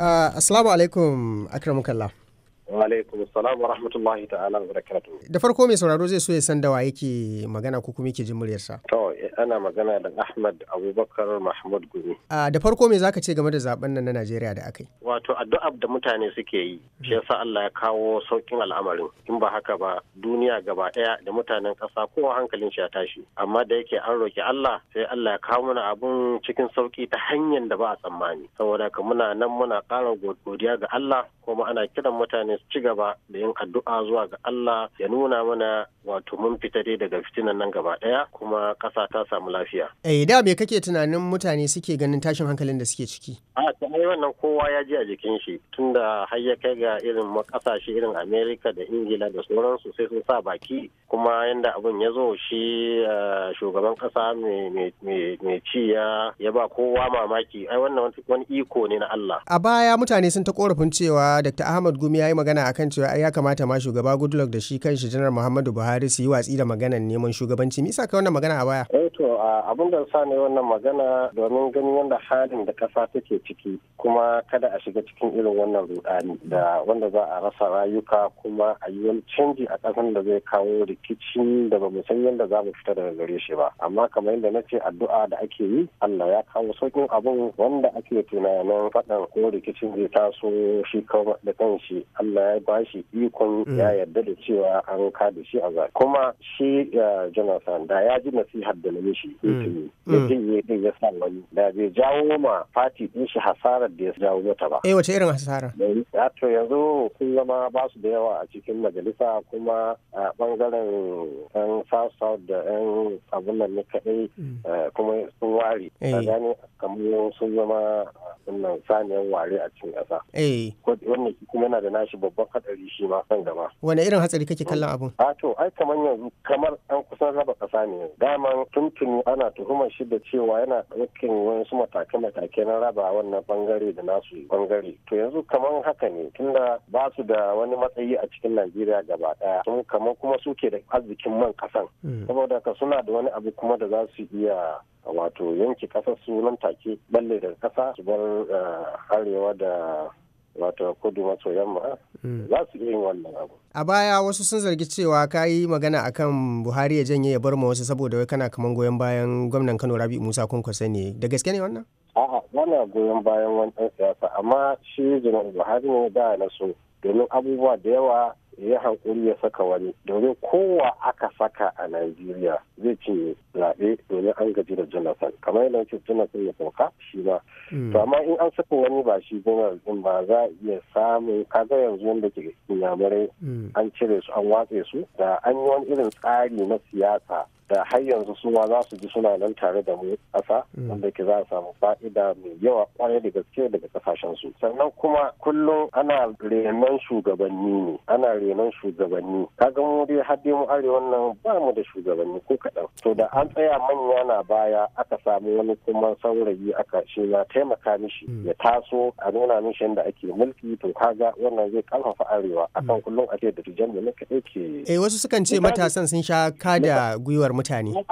Uh, Asalamu alaikum Akram Kalla. Wa alaikum assalam wa rahmatullahi ta'ala wa barakatuh. Da farko mai sauraro zai so ya san da wa yake magana ko kuma yake jin muryarsa. To ana magana da Ahmad Abubakar Mahmud Gumi. da farko me zaka ce game da zaben nan na Najeriya da aka yi? Wato addu'a da mutane suke yi shi yasa Allah ya kawo saukin al'amarin in ba haka ba duniya gaba ɗaya da mutanen ƙasa kowa hankalin shi ya tashi amma da yake an roki Allah sai Allah ya kawo mana abun cikin sauki ta hanyar da ba a tsammani saboda ka muna nan muna ƙara godiya ga Allah kuma ana kiran mutane su ci gaba da yin addu'a zuwa ga Allah ya nuna mana wato mun fita dai daga fitinan nan gaba daya kuma ƙasa ta samu lafiya. Eh da me kake tunanin mutane suke ganin tashin hankalin da suke ciki? A ta wannan kowa ya ji a jikin shi tunda har ya kai ga irin makasashe irin Amerika da Ingila da sauransu sai sun sa baki kuma yanda abun ya zo shi eh, shugaban ƙasa mai ci ya ba kowa mamaki ai wannan wani iko ne na Allah. A baya mutane sun ta korafin cewa dr ahmad gumi ya yi magana akan cewa ya kamata ma shugaba goodluck da shi kan shi janar muhammadu buhari su yi watsi da maganar neman shugabanci misa ka wannan magana a baya eh to abin da sa ne wannan magana domin ganin yadda halin da kasa take ciki kuma kada a shiga cikin irin wannan rudani da wanda za a rasa rayuka kuma a yi wani canji a kasan da zai kawo rikicin da ba mu san yadda za mu fita daga gare shi ba amma kamar yadda na ce addu'a da ake yi Allah ya kawo sauƙin abin wanda ake tunanin faɗan ko rikicin zai taso shi kawai da kanshi Allah ya ba shi ikon mm. ya yarda da cewa an kada shi a zaɓe kuma shi Jonathan da ya ji nasihar da na mishi mutumi ya mm. janye din ya sa wani da bai jawo ma fati din shi hasarar da ya jawo mata ba eh wace irin hasara ya to yanzu sun zama ba su da yawa a cikin majalisa kuma a bangaren yan south south da yan abun nan ne kadai mm. eh, kuma sun ware eh. a gani kamar sun zama nan saniyan ware a cikin ƙasa. Eh. Wannan kuma yana da nashi babban hatsari shi ma kan gaba. Wane irin hatsari kake kallon abun? A to ai kamar yanzu kamar an kusan raba ƙasa ne. Daman tuntuni ana tuhumar shi da cewa yana ɗaukan wasu matake-matake na raba wannan bangare da nasu bangare. To yanzu kamar haka ne tunda ba su da wani matsayi a cikin Najeriya gaba ɗaya. Sun kamar kuma suke da arzikin man ƙasan. Hmm. Saboda ka suna da wani abu kuma da za su iya wato yanki kasar su nan take balle daga kasa su bar eh, arewa da wato kudu maso yamma hmm. za su iya yin wannan abu. A baya wasu sun zargi cewa ka yi magana akan Buhari ya janye ya bar ma wasu saboda wai kana kamar goyon bayan gwamnan Kano Rabi Musa Kwankwasa ne da gaske ne wannan? A'a bana goyon bayan wani ɗan siyasa amma shi Janar Buhari ne da na so domin abubuwa da yawa ya hankuri ya saka wani domin kowa aka saka a Najeriya zai cinye zaɓe domin an gaji da Jonathan kamar yana ce Jonathan ya sauka shi ba hmm. to amma in an saka wani ba shi Jonathan din ba za a iya samun kaga yanzu wanda ke inyamurai hmm. an cire su an watse su da an yi wani irin tsari na siyasa da har yanzu su ma za su ji suna nan tare da mu ƙasa mm. wanda ke za a samu fa'ida mai yawa kwarai da gaske daga kasashen su sannan kuma kullum ana renon shugabanni ne ana renon shugabanni kaga mu dai har dai mu arewa nan ba mu da shugabanni ko kaɗan to da an tsaya manya na baya aka samu wani kuma saurayi aka shi ya taimaka mishi mm. ya taso a nuna mishi yadda ake mulki to kaga wannan zai ƙarfafa arewa akan mm. kullum a ce da tijan da muka ke. eh wasu sukan ce matasan sun sha kada gwiwar mutane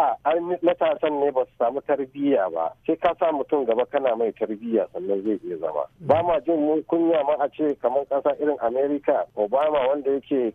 matasan ne ba su samu tarbiyya ba sai ka sa mutum gaba kana mai tarbiyya sannan zai iya zama ba ma jin mun kunya ma a ce kamar kasa irin amerika obama wanda yake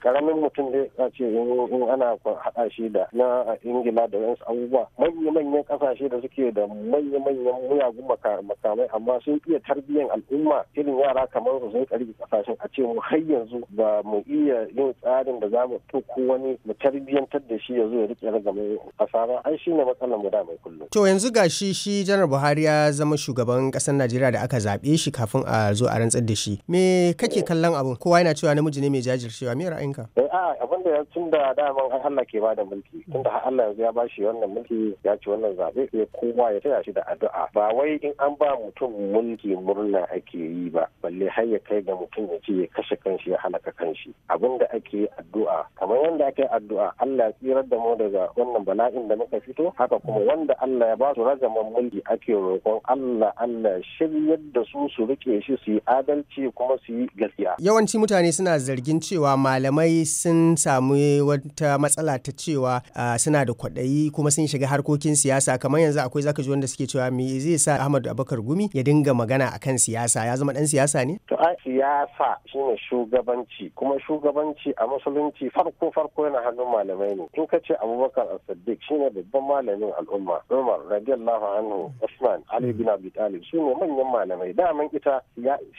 karamin eh, mutum da a ce in ana haɗa shi da na ingila da wasu abubuwa manya-manyan kasashe da suke da manya-manyan muyagun makamai amma sun iya tarbiyyan al'umma irin yara kamar su sun karbi kasashen a ce mu har yanzu ba mu iya yin tsarin da za mu tuku wani mu tarbiyyantar da shi yanzu zo ya rike game kasa ba ai shi ne matsalar mu da mai kullum to yanzu gashi shi janar Buhari ya zama shugaban kasar Najeriya da aka zaɓe shi kafin a zo a rantsar da shi me kake kallon abun kowa yana cewa namiji ne mai jajircewa me ra'ayinka eh a abin da tun da daman har Allah ke bada mulki tun da har Allah yanzu ya ba shi wannan mulki ya ci wannan zaɓe. sai kowa ya taya shi da addu'a ba wai in an ba mutum mulki murna ake yi ba balle har ya kai ga mutum ya ce ya kashe kanshi ya halaka kanshi abin da ake addu'a kamar yadda ake addu'a Allah ya tsirar da mu daga wannan bala'in da muka fito haka kuma wanda Allah ya ba su ragaman mulki ake roƙon Allah Allah shiryar da su su rike shi su yi adalci kuma su yi gaskiya yawanci mutane suna zargin cewa malamai sun samu wata matsala ta cewa suna da kwaɗayi kuma sun shiga harkokin siyasa kamar yanzu akwai zaka ji wanda suke cewa me zai sa Ahmadu Abubakar Gumi ya dinga magana akan siyasa ya zama dan siyasa ne to a siyasa shine shugabanci kuma shugabanci a musulunci farko farko yana hannun malamai ne in ka ce abubakar as shi shine babban malamin al'umma umar radiyallahu anhu usman ali bin abi talib shine manyan malamai daman ita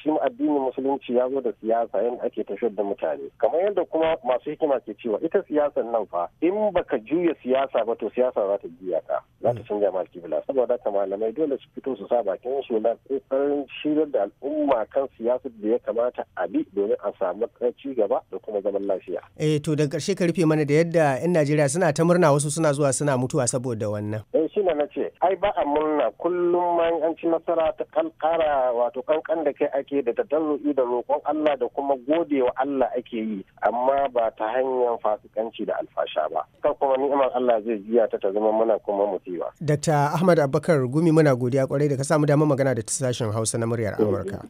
shi addinin musulunci ya zo da siyasa yadda ake tashar da mutane kamar yadda kuma masu hikima ke cewa ita siyasar nan fa in baka juya siyasa ba to siyasa za ta juya ka za ta canja ma kibla saboda haka malamai dole su fito su sa bakin su na kokarin shirar da al'umma kan siyasa da ya kamata a bi domin a samu ci gaba da kuma zaman lafiya. eh to da karshe ka rufe mana da yadda 'yan Najeriya suna ta murna wasu suna zuwa suna mutuwa saboda wannan. eh shi na ce ai ba a murna kullum ma an ci nasara ta kankara wato kankan da kai ake da tadarru'i da roƙon Allah da kuma godewa Allah ake yi amma ba ta hanyar fasikanci da alfasha ba. Kar kuma ni'imar Allah zai jiya ta ta zama muna kuma mutum kewa. Dr. Ahmad Abubakar Gumi muna godiya kwarai da ka samu damar magana da sashen Hausa na muryar Amurka.